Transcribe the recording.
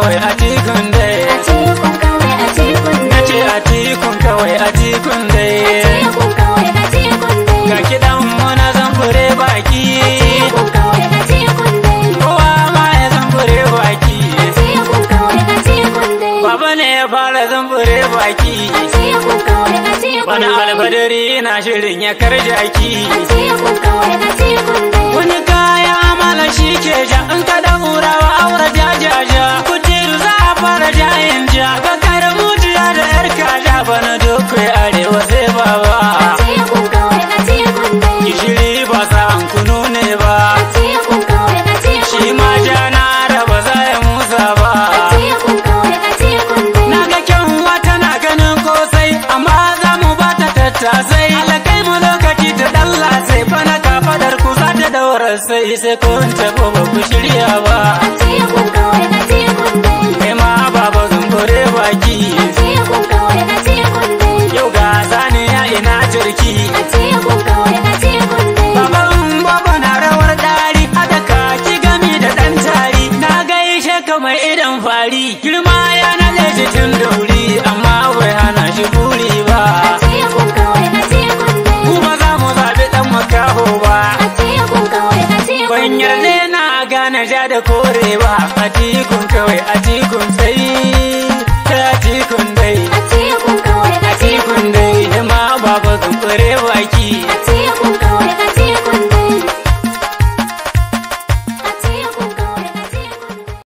kawai a tikun dai na ce a tikun kawai a tikun dai ga kiɗan mu na zamfure baki kowa ma ya zamfure baki baba ne ya fara zamfure baki wani albadari na shirin ya karjaki a kawai a tikun dai jayin ja bakar jiya da yar kada bana doke arewa sai baba gishiri ba sa'an kunu ne ba shi ma na raba za ya musa ba na ga kyanwa tana ganin kosai amma za mu ba ta tattasai alakai mu lokaci ta dalla sai fa na kafadar ku za ta daura sai sai kun tabo ba ku shirya ba baki yau gasa ne ya ina jirki baban baba na rawar ɗari. haka kaki gami da ɗan tari na gaishe kamar idan fari girma ya na jikin dauri amma bai hana shi buri ba ku ba za mu zaɓi ɗan makaho ba ban yarda na gane ja da korewa a ba